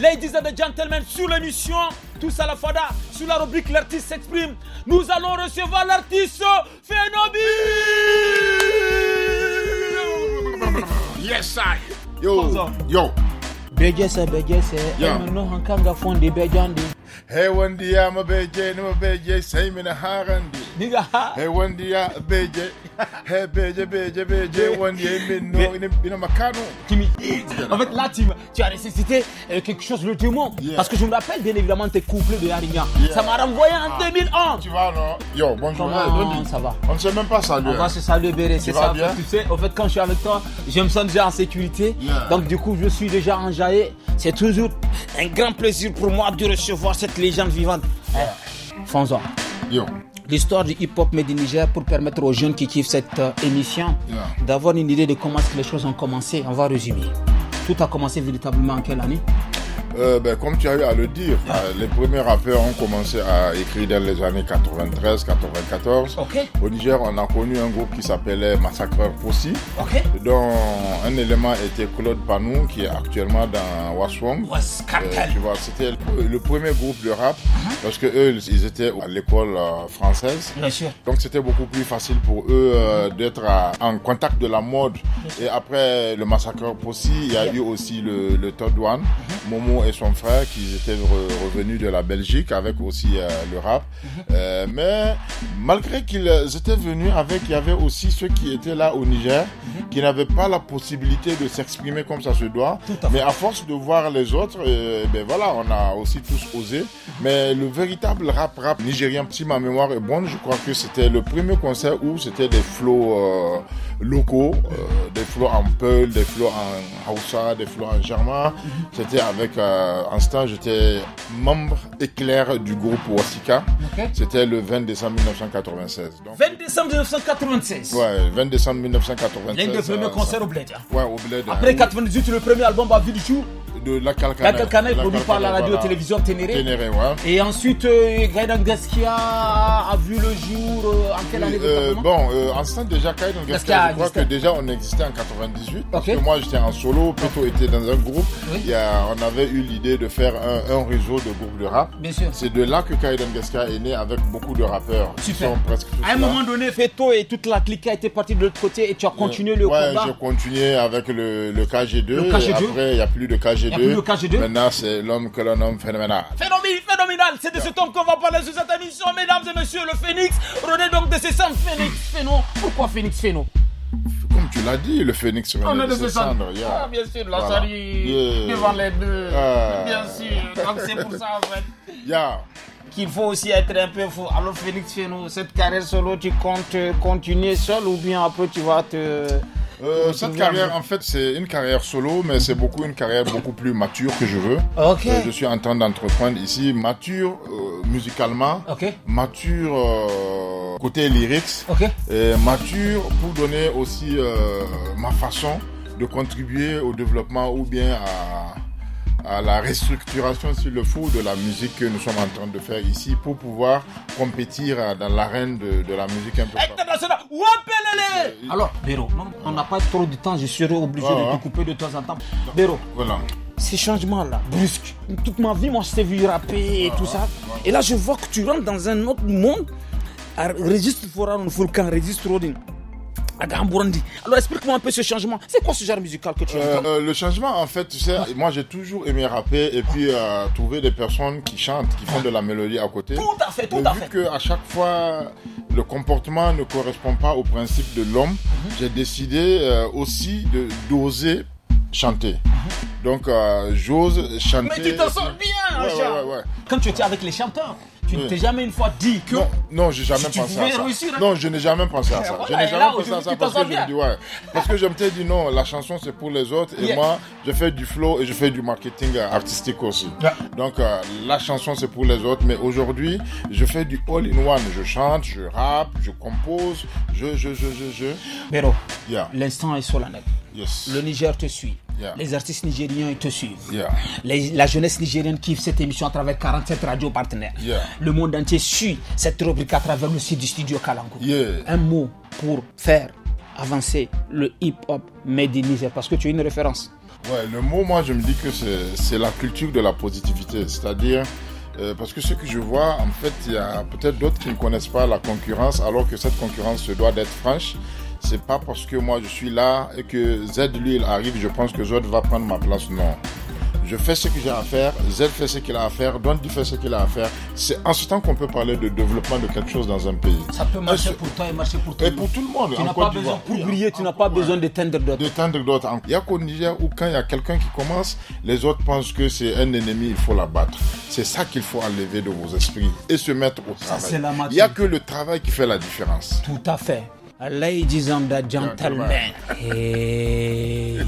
Ladies and gentlemen, sur l'émission Tous à la Fada, sur la rubrique L'artiste s'exprime, nous allons recevoir l'artiste Fenobi Yes, I. Yo, yo. Begese, yo emino hankanga fondi bejandi. Hey, one I'm a beje, no beje, same in a harandi diga hey en fait là tu, tu as nécessité euh, quelque chose le démon yeah. parce que je me rappelle bien évidemment tes couplets de Yarignan ça m'a renvoyé en 2001 ah. tu vas non yo bonjour non, ça va on ne sait même pas saluer on va hein. se saluer Béré c'est ça tu sais en fait quand je suis avec toi je me sens déjà en sécurité donc du coup je suis déjà en enjaillé c'est toujours un grand plaisir pour moi de recevoir cette légende vivante hey, eh, Fonzo yo l'histoire du hip-hop made Niger pour permettre aux jeunes qui kiffent cette euh, émission d'avoir une idée de comment les choses ont commencé. On va résumer. Tout a commencé véritablement en quelle année euh, ben, comme tu as eu à le dire, euh, les premiers rappeurs ont commencé à écrire dans les années 93-94. Au Niger, on a connu un groupe qui s'appelait Massacreur Possi, dont un élément était Claude Panou, qui est actuellement dans Waswong. Euh, tu c'était le premier groupe de rap, uh-huh. parce que eux, ils étaient à l'école française. Donc c'était beaucoup plus facile pour eux d'être en contact de la mode. Et après le Massacreur Possi, il y a eu aussi le, le Todd One, uh-huh. Momo et son frère qui étaient revenus de la Belgique avec aussi euh, le rap. Mhm. Euh, mais malgré qu'ils étaient venus avec, il y avait aussi ceux qui étaient là au Niger mhm. qui n'avaient pas la possibilité de s'exprimer comme ça se doit. mais à force de voir les autres, euh, ben voilà, on a aussi tous osé. Mais le véritable rap rap nigérien, si ma mémoire est bonne, je crois que c'était le premier concert où c'était des flots locaux, des flots en Peul, des flots en Hausa, des flots en Germain. Mhm. C'était avec euh, en stage, j'étais membre éclair du groupe Wasika. C'était le 20 décembre 1996. 20 décembre 1996 Ouais, 20 décembre 1996. L'un des premiers concerts au Bled. Hein. Ouais, au Bled. Après 98, euh, le premier album à vie du jour de la Calcana. La est produit par la radio-télévision Ténéré. Et ensuite, euh, Gaskia a vu le jour euh, en quelle année euh, Bon, euh, en ce déjà, Kaidan Gaskia, je crois que déjà on existait en 98. Parce que moi, j'étais en solo, plutôt était dans un groupe. on avait eu l'idée de faire un, un, réseau de groupes de rap. Bien sûr. C'est de là que Kaidan Gaskia est né avec beaucoup de rappeurs. Super. presque à un moment donné, Feto et toute la clique a été partie de l'autre côté et tu as continué le combat. Ouais, j'ai continué avec le, le KG2. après, il n'y a plus de kg a Plus le 2 Maintenant, c'est l'homme que l'on nomme phénoménal. Phénoménal, phénoménal. C'est de ce homme qu'on va parler sous cette émission, mesdames et messieurs, le phénix. René donc de ses cendres, phénix, phénom. Pourquoi phénix, phénom comme tu l'as dit, le phénix est de ses cendres. Ah, bien sûr, la voilà. devant les deux. Ah. Bien sûr, donc c'est pour ça en fait. Yeah qu'il faut aussi être un peu fou. Alors Félix nous. cette carrière solo, tu comptes continuer seul ou bien un peu, tu vas te... Euh, cette carrière, en fait, c'est une carrière solo, mais c'est beaucoup une carrière beaucoup plus mature que je veux. Okay. Euh, je suis en train d'entreprendre ici, mature euh, musicalement, mature euh, côté lyrics, et mature pour donner aussi ma façon de contribuer au développement ou bien à à la restructuration s'il le faut, de la musique que nous sommes en train de faire ici pour pouvoir compétir dans l'arène de, de, la musique un peu euh, Alors, Béro, on n'a pas trop de temps, je serai obligé de te couper de temps en temps. Béro, voilà. ces changements-là, brusques, toute ma vie, moi je t'ai vu rapper et tout ça. Et là, je vois que tu rentres dans un autre monde. Ah, registre Foran, Fourkan, Registre Rodin. Ah, Alors explique-moi un peu ce changement. C'est quoi ce genre musical que tu as euh, euh, Le changement, en fait, tu sais, ah. moi j'ai toujours aimé rapper et puis euh, trouver des personnes qui chantent, qui font de la mélodie à côté. Tout à fait, tout à vu fait. Vu qu'à chaque fois, le comportement ne correspond pas au principe de l'homme, mhm. j'ai décidé aussi de d'oser chanter. Donc, euh, j'ose chanter. Mais tu t'en sors bien, ouais, ouais, Quand tu étais avec les chanteurs, tu ne t'es jamais une fois dit que. Non, non j'ai jamais pensé à ça. Réussir, hein. Non, je n'ai jamais pensé à eh, ça. je n'ai jamais pensé à ça parce que, je me dis, ouais, parce que je me suis dit, non, la chanson c'est pour les autres et moi, je fais du flow et je fais du marketing artistique aussi. Donc, euh, la chanson c'est pour les autres, mais aujourd'hui, je fais du all-in-one. Je chante, je rappe, je compose, je, je, je, je, je. Mais l'instant est solennel. Yes. Le Niger te suit. Les artistes nigériens ils te suivent. la jeunesse nigérienne kiffe cette émission à travers 47 radios partenaires. Le monde entier suit cette rubrique à travers le site du studio Kalango. Un mot pour faire avancer le hip-hop made in Niger parce que tu es une référence. Ouais, le mot, moi, je me dis que c'est la culture de la positivité. C'est-à-dire, euh, parce que ce que je vois, en fait, il y a peut-être d'autres qui ne connaissent pas la concurrence alors que cette concurrence se doit d'être franche c'est pas parce que moi je suis là et que Z lui il arrive, je pense que Z va prendre ma place. Non. Je fais ce que j'ai à faire, Z fait ce qu'il a à faire, Dondi fait ce qu'il a à faire. C'est en ce temps qu'on peut parler de développement de quelque chose dans un pays. Ça peut marcher pour toi et marcher pour toi. Et pour tout le monde. Tu n'as pas besoin, pour briller, tu n'as pas besoin de tendre d'autres. Il n'y a qu'au Niger où quand il y a quelqu'un qui commence, les autres pensent que c'est un ennemi, il faut l'abattre. C'est ça qu'il faut enlever de vos esprits et se mettre au travail. Il n'y a que le travail qui fait la différence. Tout à fait. Ladies and gentlemen. Hey.